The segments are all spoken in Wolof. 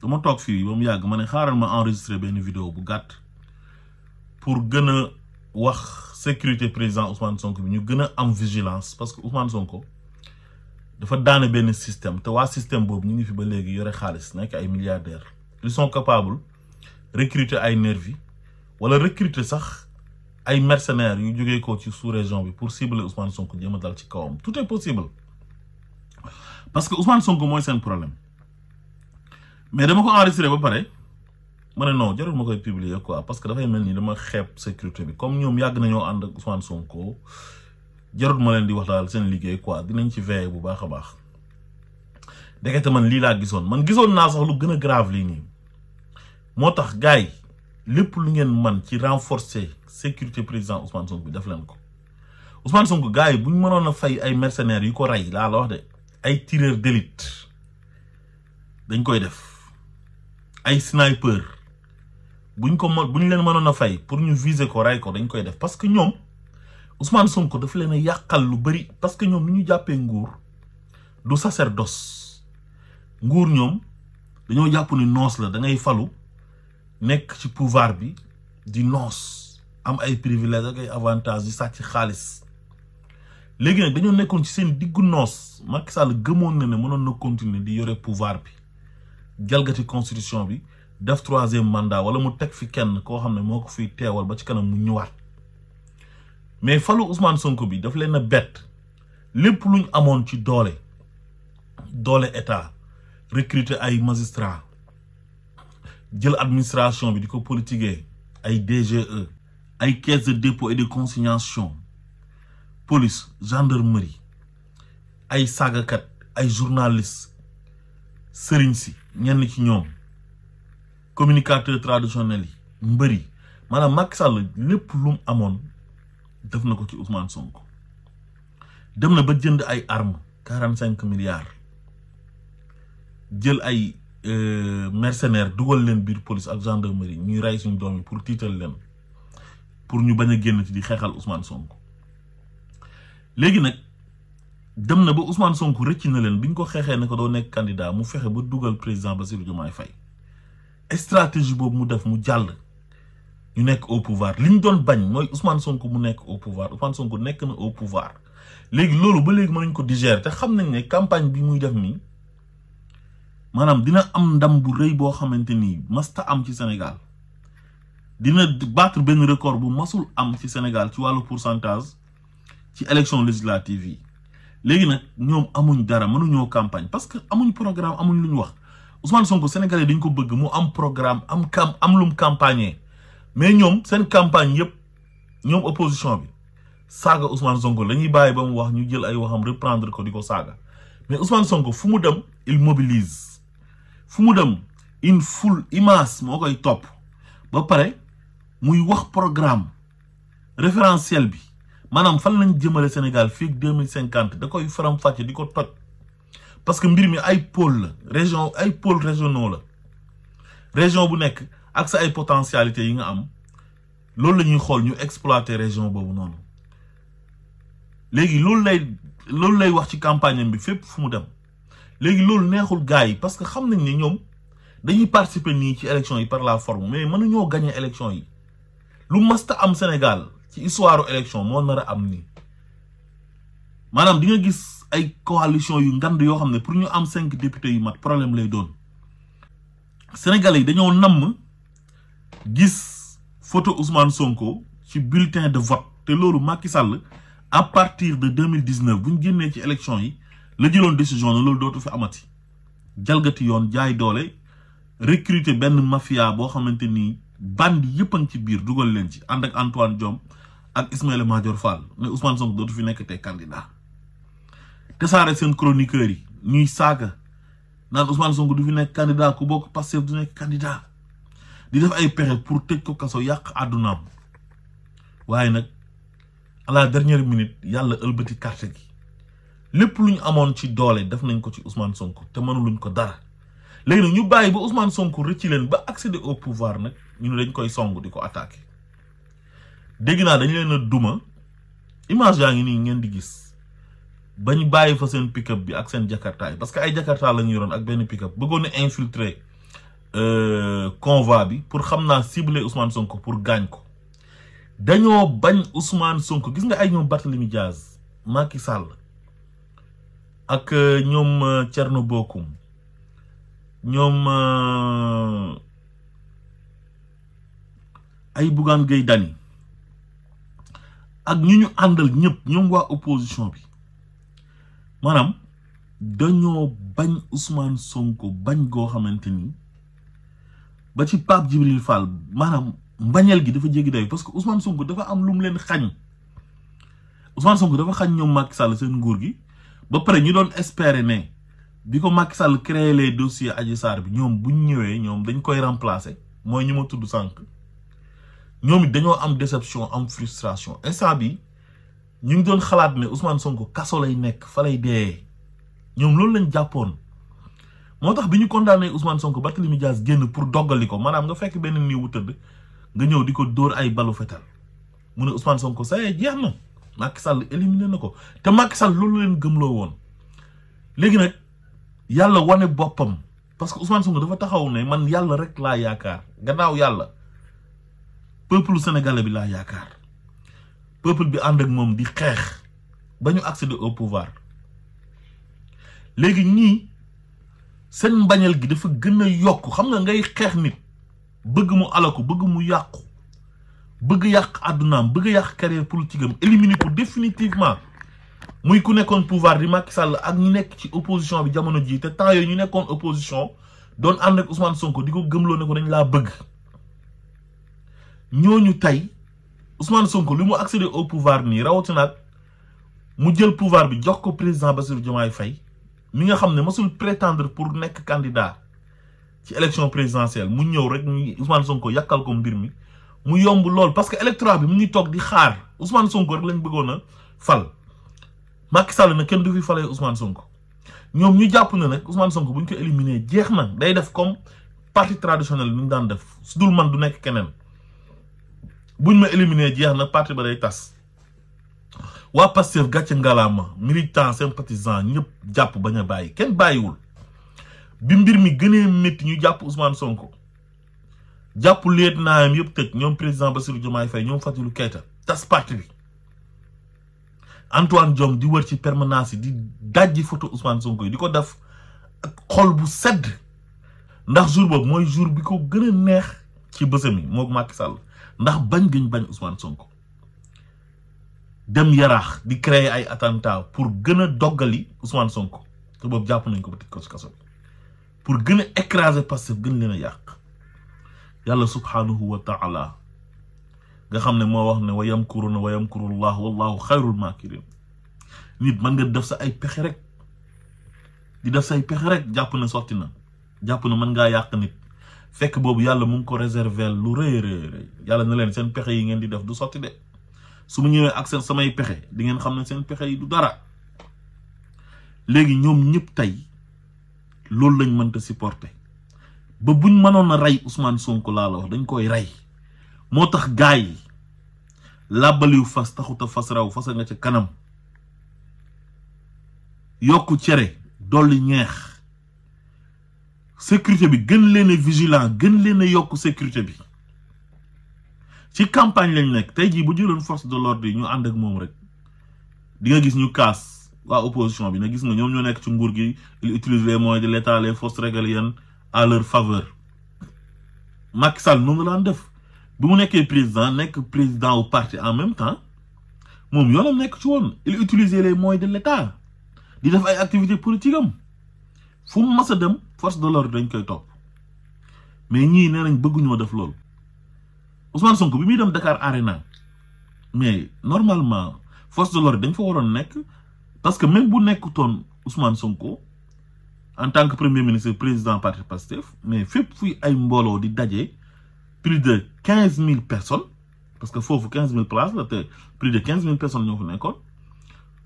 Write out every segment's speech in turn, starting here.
Je suis en train de yàgg Je ne xaaral ma enregistrer vidéo bu pour gëna la wax sécurité président Ousmane Sonko Nous ñu gëna am vigilance parce que Ousmane Sonko dafa daané benn système té wa système Bob ñu ngi fi ba légui yoré xaalis nekk ay milliardaires ils sont capables recruter ay nervi wala recruter sax ay mercenaires yu sont ko ci sous-région bi pour cibler Ousmane Sonko dal ci tout est possible parce que Ousmane Sonko moy un problème. mais dama ko enregistré ba pare ma ne non jarul ma koy piblier quoi parce que dafay mel nii dama xeeb sécurité bi comme ñoom yàgg nañoo ànd ak Ousmane Sonko jarul ma leen di wax daal seen liggéey quoi dinañ ci veiller bu baax a baax. ndekete man lii laa gisoon man gisoon naa sax lu gën a grave lii nii moo tax gars yi lépp lu ngeen man ci renforcer sécurité président Ousmane Sonko bi def leen ko Ousmane Sonko gars yi bu ñu mënoon a fay ay mercenaires yu ko rey laa la wax ay tireurs d'élite koy def. ay sniper buñ ko bu ñu leen mënoon a fay pour ñu viser ko rey ko dañ koy def parce que ñoom Ousmane Sonko dafa leen a yàqal lu bëri parce que ñoom ni ñu jàppee nguur du sacerdoce nguur ñoom dañoo jàpp ni noos la da ngay falu nekk ci pouvoir bi di noos am ay privilège ak ay avantages di sàcc xaalis léegi nag dañoo nekkoon ci seen diggu noos Macky Sall gëmoon na ne mënoon na continuer di yore pouvoir bi jalgati constitution bi def troisième mandat wala mu teg fi kenn koo xam ne moo ko fiy teewal ba ci kanam mu ñëwaat mais falu Ousmane Sonko bi daf leen a bett lépp luñ amoon ci doole doole état recruter ay magistrats jël administration bi di ko politiquer ay DGE ay caisse de dépôt et de consignation police gendarmerie ay saagakat ay journalistes sëriñ si ñenn ci ñoom communicateur traditionnel yi mbëri maanaam Macky Sall lépp lu amoon def na ko ci Ousmane sonk dem na ba jënd ay arm quarante cinq milliards jël ay euh, mercenaires dugal leen biir police ak gendarmerie ñuy rey suñu doom yi pour tiital leen pour ñu bañ a génn ci di xeexal Ousmane Sonko léegi nag. dem na ba Ousmane Sonko rëcc na leen bi ko xeexee ne ko do nek candidat mu fexé ba duggal président Bassirou Diomaye Fay stratégie boobu mu def mu jall ñu nek au pouvoir liñ doon bañ moy Ousmane Sonko mu nek au pouvoir Ousmane Sonko nek na au pouvoir léegi lolu ba léegi mënuñ ko digérer té xam nañ né campagne bi muy def ni manam dina am ndam bu reuy bo xamanteni ni masta am ci Sénégal dina battre ben record bu masul am ci Sénégal ci walu pourcentage ci élection législative yi. léegi nag ñoom amuñ dara mënuñoo campagne parce que amuñ programme amuñ lu ñu wax Ousmane Sonko sénégalais dañ ko bëgg mu am programme am cam am lum campagner mais ñoom seen campagne yëpp ñoom opposition bi saaga Ousmane Sonko la ñuy bàyyi ba mu wax ñu jël ay wax am reprendre ko di ko saaga mais Ousmane Sonko fu mu dem il mobilise fu mu dem une foule immense moo koy topp ba pare muy wax programme référentiel bi. manam fan lañ jëmale Sénégal fii 2050. da koy faram-fàcce diko ko parce que mbir mi ay pôle la région ay pôle régionaux la région bu nek ak sa ay potentialités yi nga am loolu lañuy xol ñu exploiter région bobu non légui loolu lay loolu lay wax ci campagne bi fep fu mu dem légui loolu neexul gaay parce que xam nañ ni ñom dañuy participer ni ci élection yi par la forme mais ñoo gagner élection yi lu masta am Sénégal. ci histoire élection moo nar a am nii maanaam di nga gis ay coalition yu ngand yoo xam ne pour ñu am cinq députés yu mat problème lay doon sénégalais yi dañoo namm gis photo Ousmane Sonko ci bulletin de vote te loolu Macky sàll à partir de deux mille dix neuf bu ñu génnee ci élection yi la jëloon décision na loolu dootu fi amati jalgati yoon jaay doole recruter benn mafia boo xamante ni bandi yëpp a ci biir dugal leen ci ànd ak Antoine Diome ak Ismaïla Madior Fall ne Ousmane Sonko dootu fi nekk tey candidat tasaare seen chroniqueurs yi ñuy saaga naan Ousmane Sonko du fi nekk candidat ku bokk Pastef du nekk candidat di def ay pexe pour tëj ko kaso yàq àddunaam waaye nag à la dernière minute yàlla ëlbati carte gi lépp lu ñu amoon ci doole def nañ ko ci Ousmane Sonko te mënuluñ ko dara léegi nag ñu bàyyi ba Ousmane Sonko rëcci leen ba accéder au pouvoir nag ñu ne dañ koy song di ko attaqué dégg naa dañu leen a duma image yaa ngi nii ngeen di gis bañ bàyyi fa seen pick-up bi ak seen jakarta yi parce que ay jakartaa la ñu yoroon ak benn pick-up bëggoon na infiltrer euh, convoi bi pour xam naa cibler Ousmane ko pour gaañ ko dañoo bañ Ousmane Sonko gis nga ay ñoom Barthélemy Diaz Macky Sall ak euh, ñoom euh, Thierno Bocoum ñoom ay Bougane Gueye Dany ak ñu ñu andal ñep ñom wa opposition bi manam daño bañ Ousmane Sonko bañ go xamanteni ba ci Pape Djibril Fall manam mbagnel gi dafa jéggi day parce que Ousmane Sonko dafa am lu mu leen xagn Ousmane Sonko dafa xagn ñom Macky Sall seen nguur gi ba paré ñu doon espérer né biko Macky Sall créer les dossiers Adji Sarr bi ñom bu ñëwé ñom dañ koy remplacer moy ñuma tuddu sank ñoom it dañoo am déception am frustration instant bi ñu ngi doon xalaat ne Ousmane Sonko kaso lay nekk fa lay dee ñoom loolu lañ jàppoon moo bi ñu condamné Ousmane Sonko Barthélémy Dias génn pour doggali ko maanaam nga fekk benn nii wu tëdd nga ñew diko ko ay balu fetal mu né Ousmane Sonko ça jéxna Macky Sall éliminé nako ko te Macky Sall loolu leen gëmloo won légui nak Yalla woné bopam parce que Ousmane Sonko dafa taxaw né man Yalla rek la yaakar gannaaw Yalla peuple sénégalais bi la yakar peuple bi and ak mom di xex bañu accéder au pouvoir légui ñi seen mbañal gi dafa gëna yok xam nga ngay xex nit bëgg mu alaku bëgg mu yaq bëgg yaq àddunaam bëgg yaq carrière politique am éliminer ko définitivement muy ku nekkon pouvoir di Macky Sall ak ñu nekk ci opposition bi jamono ji té temps ñu nekkon opposition don and ak Ousmane Sonko di gëmlo ne ko dañ la bëgg ñooñu tey Ousmane Sonko lu mu accéder au pouvoir nii rawatina mu jël pouvoir bi jox ko président Bassirou Diomaye Faye mi nga xam ne masul prétendre pour nekk candidat ci élection présidentielle mu ñëw rek ñu Ousmane Sonko yàkkal ko mbir mi mu yomb lool parce que électorat bi mu ngi toog di xaar Ousmane Sonko rek lañu bëggoon a fal Macky Sall na kenn du fi falee Ousmane Sonko ñoom ñu jàpp ne nag Ousmane Sonko bu ñu ko éliminer jeex na day def comme parti traditionnel bi ñu daan def su man du nekk keneen. buñ ma éliminer jeex na parti ba day tas wa Pastef gatch ngalama militant sympathisant ñëpp japp baña bayyi bàyyi kenn bàyyiwul bi mbir mi gënee metti ñu japp Ousmane Sonko japp leet naayam yëpp tek président Bassirou Diomaye Faye ñom Fatou Keita tas parti bi Antoine di wër ci permanence di dajji photo Ousmane Sonko diko di xol bu sedd ndax jour bob moy jour bi ko neex ci bëssami mok ndax bañ gi bañ Ousmane Sonko dem yaraax di créer ay attentat pour gën a doggali Ousmane Sonko te boobu jàpp nañ ko ba tëj ko ci kaso pour gën a écraser Pastef gën leen a yàq yàlla subhanahu wa taala nga xam ne moo wax ne wa yamkuruna wa yamkurullah wallahu xayrul makirin nit mën nga def sa ay pexe rek di def say pexe rek jàpp na sotti na jàpp na mën ngaa yàq nit fekk bobu yalla mu ngi ko réserver lu rëy rëy rëy yalla na len sen pexé yi ngeen di def du sotti de suma ñëwé ak sen samay pexé di ngeen xam sen pexé yi du dara légui ñom ñëpp tay lool lañ ta supporter ba buñ mënon a Ousmane Sonko la la wax dañ koy ray motax gaay labal yu fas taxu ta fas raw fas nga ci kanam yokku cere dolinya. ñeex sécurité bi gën léne vigilant gën léne sécurité bi ci campagne lañ nek tay bu force de l'ordre ñu ak rek di nga gis ñu opposition bi utilise les moyens de l'état les forces régaliennes à leur faveur Macky Sall def mu président président parti en même temps mom ci les moyens de l'état di def ay activités politiques faut que dem force de l'ordre dañ top mais ñi né nañ bëggu ñoo def lool Ousmane Sonko bi mi de Dakar Arena mais normalement force de l'ordre dañ là. parce que même si nek Ousmane Sonko en tant que premier ministre et président Patrick Pastef mais fep fuy ay mbolo di dajé plus de 15 000 personnes parce que faut 15 000 places plus de 15 000 personnes ñoo fa nekkon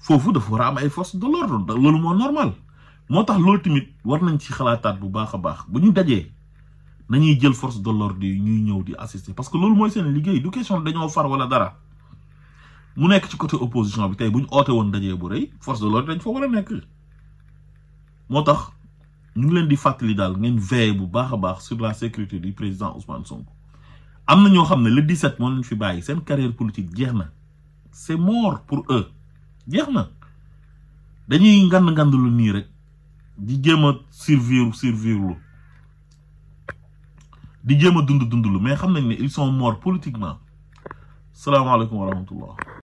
fofu vous ram ay force de l'ordre C'est normal motax lol timit war nañ ci xalaataat bu baaxa baax bu ñu dajé nañuy jël force de l'ordre ñuy ñëw di assister parce que lol moy seen liguey du question dañoo far wala dara mu nekk ci côté opposition bi tay buñ oote won dajé bu reuy force de l'ordre dañ fa war nekk motax ñu ngi leen di fatali dal ngeen veiller bu baaxa baax sur la sécurité du président Ousmane Sonko amna ño ñoo le 17 mo leen fi bayyi seen carrière politique jeexna c'est mort pour eux jeexna dañuy ngand ngand lu rek mais ils sont morts politiquement wa